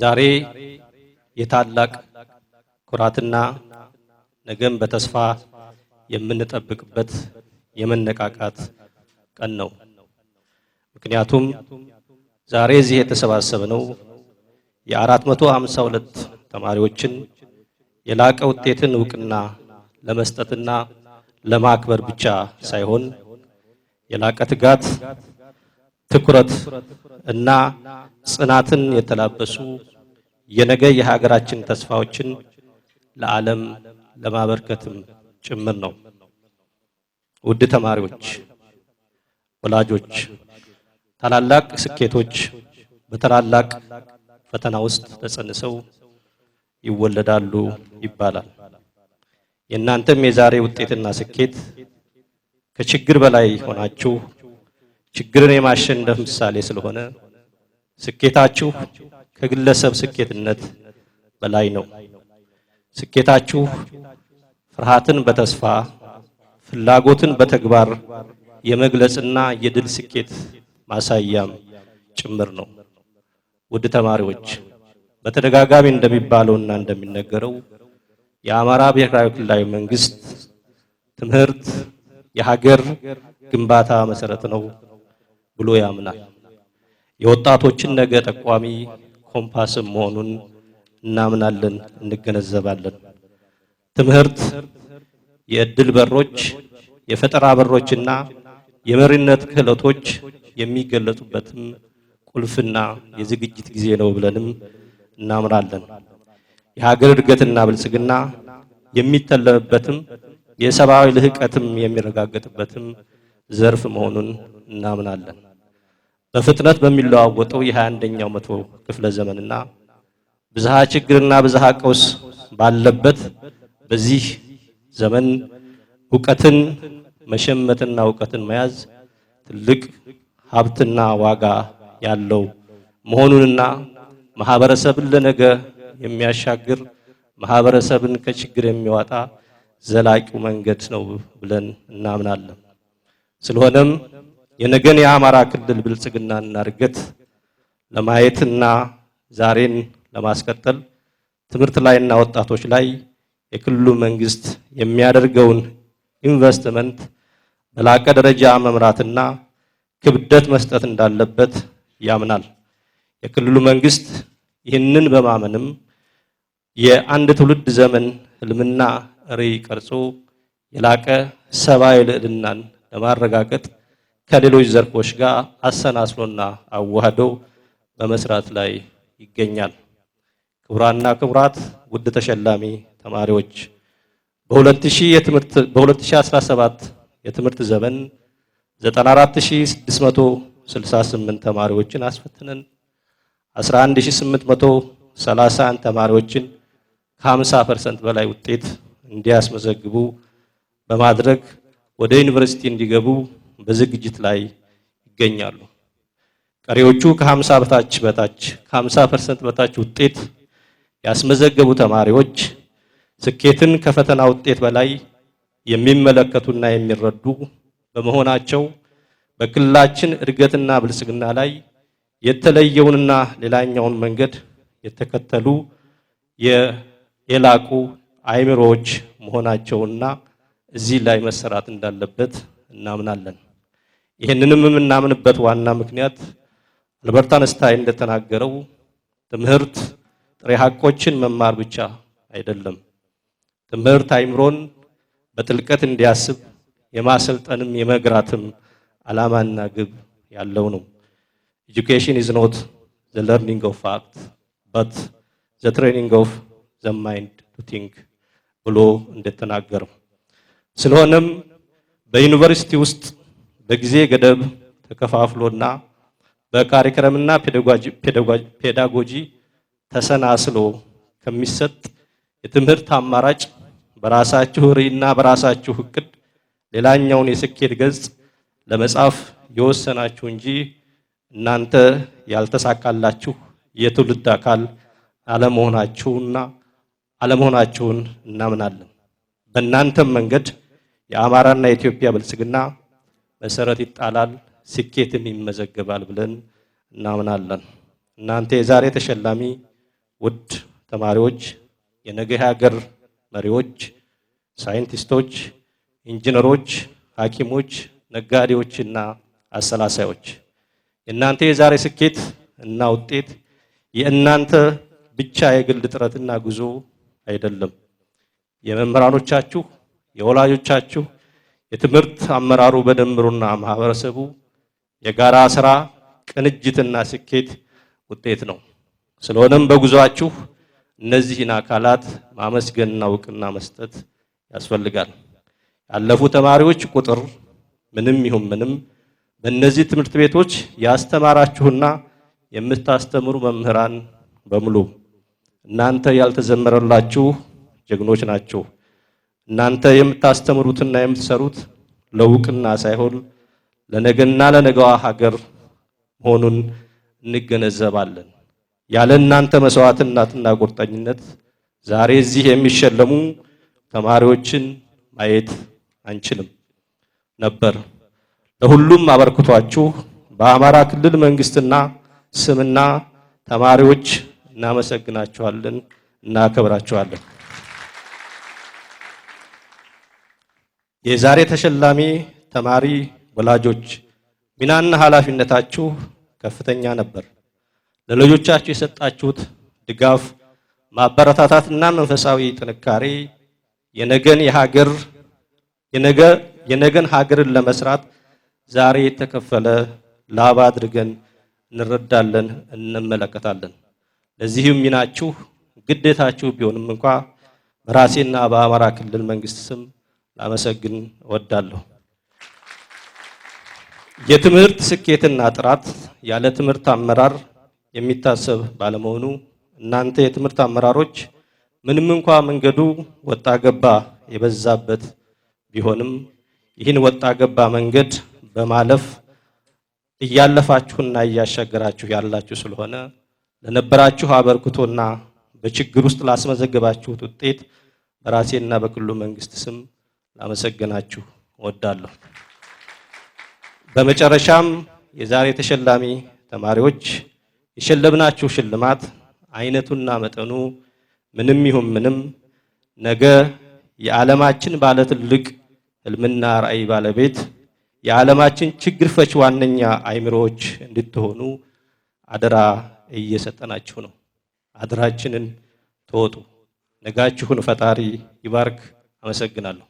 ዛሬ የታላቅ ኩራትና ነገም በተስፋ የምንጠብቅበት የመነቃቃት ቀን ነው። ምክንያቱም ዛሬ እዚህ የተሰባሰብነው የ452 ተማሪዎችን የላቀ ውጤትን እውቅና ለመስጠትና ለማክበር ብቻ ሳይሆን የላቀ ትጋት ትኩረት እና ጽናትን የተላበሱ የነገ የሀገራችን ተስፋዎችን ለዓለም ለማበርከትም ጭምር ነው። ውድ ተማሪዎች፣ ወላጆች፣ ታላላቅ ስኬቶች በታላላቅ ፈተና ውስጥ ተጸንሰው ይወለዳሉ ይባላል። የእናንተም የዛሬ ውጤትና ስኬት ከችግር በላይ ሆናችሁ ችግርን የማሸነፍ ምሳሌ ስለሆነ ስኬታችሁ ከግለሰብ ስኬትነት በላይ ነው። ስኬታችሁ ፍርሃትን በተስፋ ፍላጎትን በተግባር የመግለጽና የድል ስኬት ማሳያም ጭምር ነው። ውድ ተማሪዎች በተደጋጋሚ እንደሚባለውና እንደሚነገረው የአማራ ብሔራዊ ክልላዊ መንግስት ትምህርት የሀገር ግንባታ መሰረት ነው። ብሎ ያምናል። የወጣቶችን ነገ ጠቋሚ ኮምፓስም መሆኑን እናምናለን፣ እንገነዘባለን። ትምህርት የእድል በሮች፣ የፈጠራ በሮችና የመሪነት ክህሎቶች የሚገለጡበትም ቁልፍና የዝግጅት ጊዜ ነው ብለንም እናምናለን። የሀገር እድገትና ብልጽግና የሚተለምበትም የሰብአዊ ልህቀትም የሚረጋገጥበትም ዘርፍ መሆኑን እናምናለን። በፍጥነት በሚለዋወጠው የ 21 መቶ ክፍለ ዘመንና ብዝሃ ችግርና ብዝሃ ቀውስ ባለበት በዚህ ዘመን እውቀትን መሸመትና እውቀትን መያዝ ትልቅ ሀብትና ዋጋ ያለው መሆኑንና ማህበረሰብን ለነገ የሚያሻግር ማህበረሰብን ከችግር የሚያወጣ ዘላቂው መንገድ ነው ብለን እናምናለን። ስለሆነም የነገን የአማራ ክልል ብልጽግናና እድገት ለማየትና ዛሬን ለማስቀጠል ትምህርት ላይና ወጣቶች ላይ የክልሉ መንግስት የሚያደርገውን ኢንቨስትመንት በላቀ ደረጃ መምራትና ክብደት መስጠት እንዳለበት ያምናል። የክልሉ መንግስት ይህንን በማመንም የአንድ ትውልድ ዘመን ህልምና ራዕይ ቀርጾ የላቀ ሰብአዊ ልዕልናን ለማረጋገጥ ከሌሎች ዘርፎች ጋር አሰናስሎና አዋህዶ በመስራት ላይ ይገኛል። ክቡራና ክቡራት፣ ውድ ተሸላሚ ተማሪዎች በ2017 የትምህርት ዘመን 94668 ተማሪዎችን አስፈትነን 11831 ተማሪዎችን ከ50% በላይ ውጤት እንዲያስመዘግቡ በማድረግ ወደ ዩኒቨርሲቲ እንዲገቡ በዝግጅት ላይ ይገኛሉ። ቀሪዎቹ ከ50 በታች በታች ከ50% በታች ውጤት ያስመዘገቡ ተማሪዎች ስኬትን ከፈተና ውጤት በላይ የሚመለከቱና የሚረዱ በመሆናቸው በክልላችን እድገትና ብልጽግና ላይ የተለየውንና ሌላኛውን መንገድ የተከተሉ የላቁ አይምሮዎች መሆናቸውና እዚህ ላይ መሰራት እንዳለበት እናምናለን። ይህንንም የምናምንበት ዋና ምክንያት አልበርት አንስታይን እንደተናገረው ትምህርት ጥሬ ሐቆችን መማር ብቻ አይደለም። ትምህርት አይምሮን በጥልቀት እንዲያስብ የማሰልጠንም የመግራትም ዓላማና ግብ ያለው ነው። ኤጁኬሽን ኢዝ ኖት ዘ ለርኒንግ ኦፍ ፋክት በት ዘ ትሬኒንግ ኦፍ ዘ ማይንድ ቱ ቲንክ ብሎ እንደተናገረው ስለሆነም በዩኒቨርሲቲ ውስጥ በጊዜ ገደብ ተከፋፍሎና በካሪክረምና ፔዳጎጂ ተሰናስሎ ከሚሰጥ የትምህርት አማራጭ በራሳችሁ ርዕይና በራሳችሁ እቅድ ሌላኛውን የስኬት ገጽ ለመጻፍ የወሰናችሁ እንጂ እናንተ ያልተሳካላችሁ የትውልድ አካል አለመሆናችሁና አለመሆናችሁን እናምናለን። በእናንተም መንገድ የአማራና የኢትዮጵያ ብልጽግና መሰረት ይጣላል፣ ስኬትም ይመዘገባል ብለን እናምናለን። እናንተ የዛሬ ተሸላሚ ውድ ተማሪዎች፣ የነገ ሀገር መሪዎች፣ ሳይንቲስቶች፣ ኢንጂነሮች፣ ሐኪሞች፣ ነጋዴዎችና አሰላሳዮች የእናንተ የዛሬ ስኬት እና ውጤት የእናንተ ብቻ የግል ጥረትና ጉዞ አይደለም። የመምህራኖቻችሁ፣ የወላጆቻችሁ የትምህርት አመራሩ በደምሩና ማህበረሰቡ የጋራ ስራ ቅንጅትና ስኬት ውጤት ነው። ስለሆነም በጉዟችሁ እነዚህን አካላት ማመስገንና እውቅና መስጠት ያስፈልጋል። ያለፉ ተማሪዎች ቁጥር ምንም ይሁን ምንም በእነዚህ ትምህርት ቤቶች ያስተማራችሁና የምታስተምሩ መምህራን በሙሉ እናንተ ያልተዘመረላችሁ ጀግኖች ናችሁ። እናንተ የምታስተምሩትና የምትሰሩት ለውቅና ሳይሆን ለነገና ለነገዋ ሀገር መሆኑን እንገነዘባለን። ያለ እናንተ መስዋዕትነትና ቁርጠኝነት ዛሬ እዚህ የሚሸለሙ ተማሪዎችን ማየት አንችልም ነበር። ለሁሉም አበርክቷችሁ በአማራ ክልል መንግስትና ስምና ተማሪዎች እናመሰግናችኋለን፣ እናከብራችኋለን። የዛሬ ተሸላሚ ተማሪ ወላጆች ሚናና ኃላፊነታችሁ ከፍተኛ ነበር። ለልጆቻችሁ የሰጣችሁት ድጋፍ፣ ማበረታታትና መንፈሳዊ ጥንካሬ የነገን የሀገር የነገ የነገን ሀገርን ለመስራት ዛሬ የተከፈለ ላባ አድርገን እንረዳለን፣ እንመለከታለን። ለዚህም ሚናችሁ ግዴታችሁ ቢሆንም እንኳ በራሴና በአማራ ክልል መንግስት ስም ላመሰግን እወዳለሁ። የትምህርት ስኬትና ጥራት ያለ ትምህርት አመራር የሚታሰብ ባለመሆኑ እናንተ የትምህርት አመራሮች ምንም እንኳ መንገዱ ወጣ ገባ የበዛበት ቢሆንም ይህን ወጣ ገባ መንገድ በማለፍ እያለፋችሁና እያሻገራችሁ ያላችሁ ስለሆነ ለነበራችሁ አበርክቶና በችግር ውስጥ ላስመዘገባችሁት ውጤት በራሴና በክልሉ መንግስት ስም ላመሰግናችሁ እወዳለሁ። በመጨረሻም የዛሬ ተሸላሚ ተማሪዎች የሸለምናችሁ ሽልማት አይነቱና መጠኑ ምንም ይሁን ምንም ነገ የዓለማችን ባለ ትልቅ ህልምና ራዕይ ባለቤት የዓለማችን ችግር ፈች ዋነኛ አይምሮዎች እንድትሆኑ አደራ እየሰጠናችሁ ነው። አደራችንን ተወጡ። ነጋችሁን ፈጣሪ ይባርክ። አመሰግናለሁ።